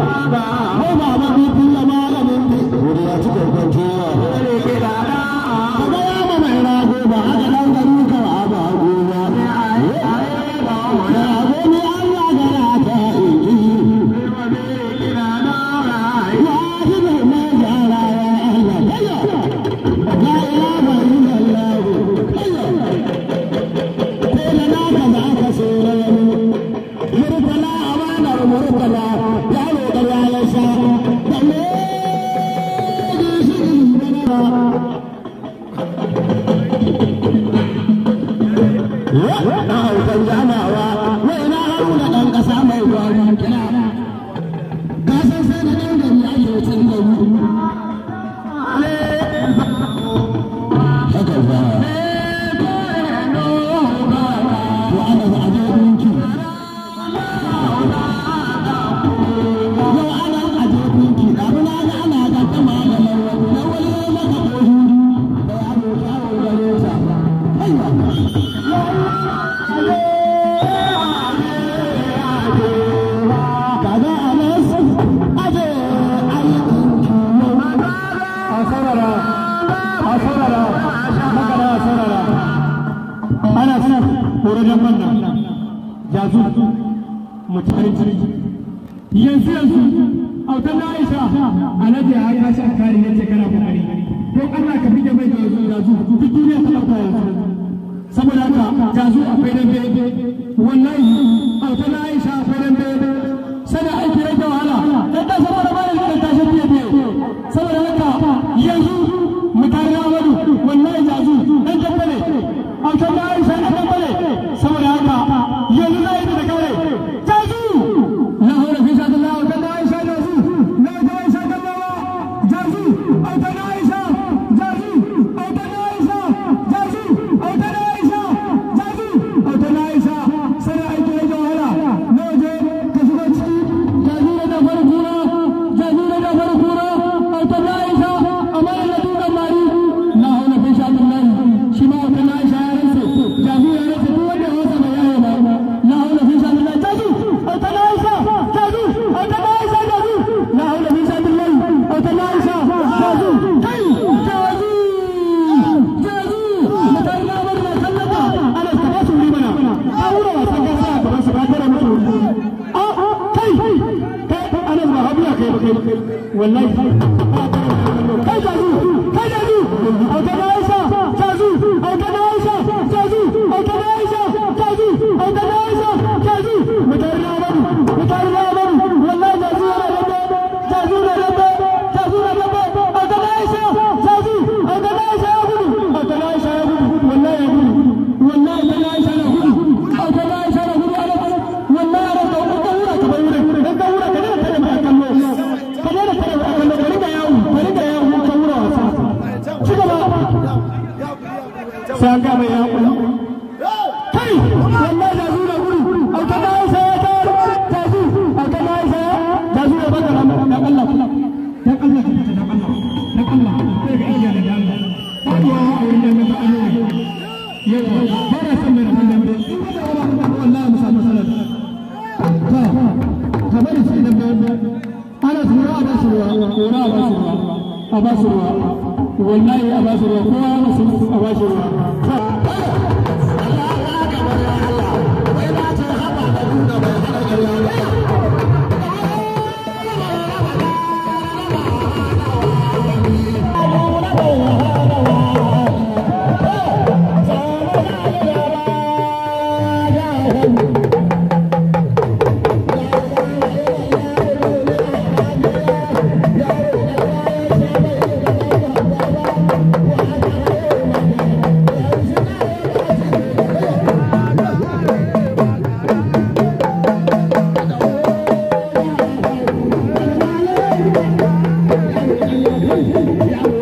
Ko ba ma bi kullama ga min bi. Wuri ya ci kokon jiya. Ko ke da da. ɗazu mutunci yanzu yanzu autan na aisha alhaji ya ka shi kare yace kana kokari to Allah ka fike mai da yanzu yanzu duk duniya ta ɗauka yanzu saboda haka jazu akwai dambe wallahi autan na aisha والله a ba su ruwa wallahi a ba a ba E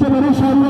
ಗೆದ್ದವರು ಸರ್ವ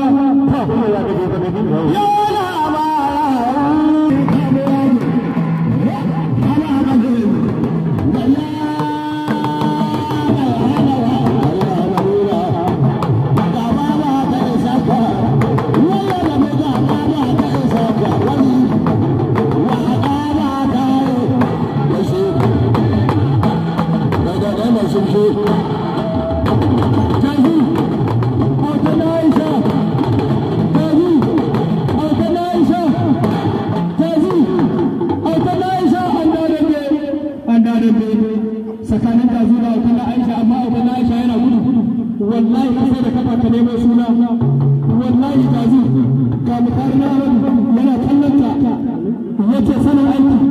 wallahi ka sai da kafa ka nemo suna wallahi tazi ga bukari na yana kallon ta yace sanin aiki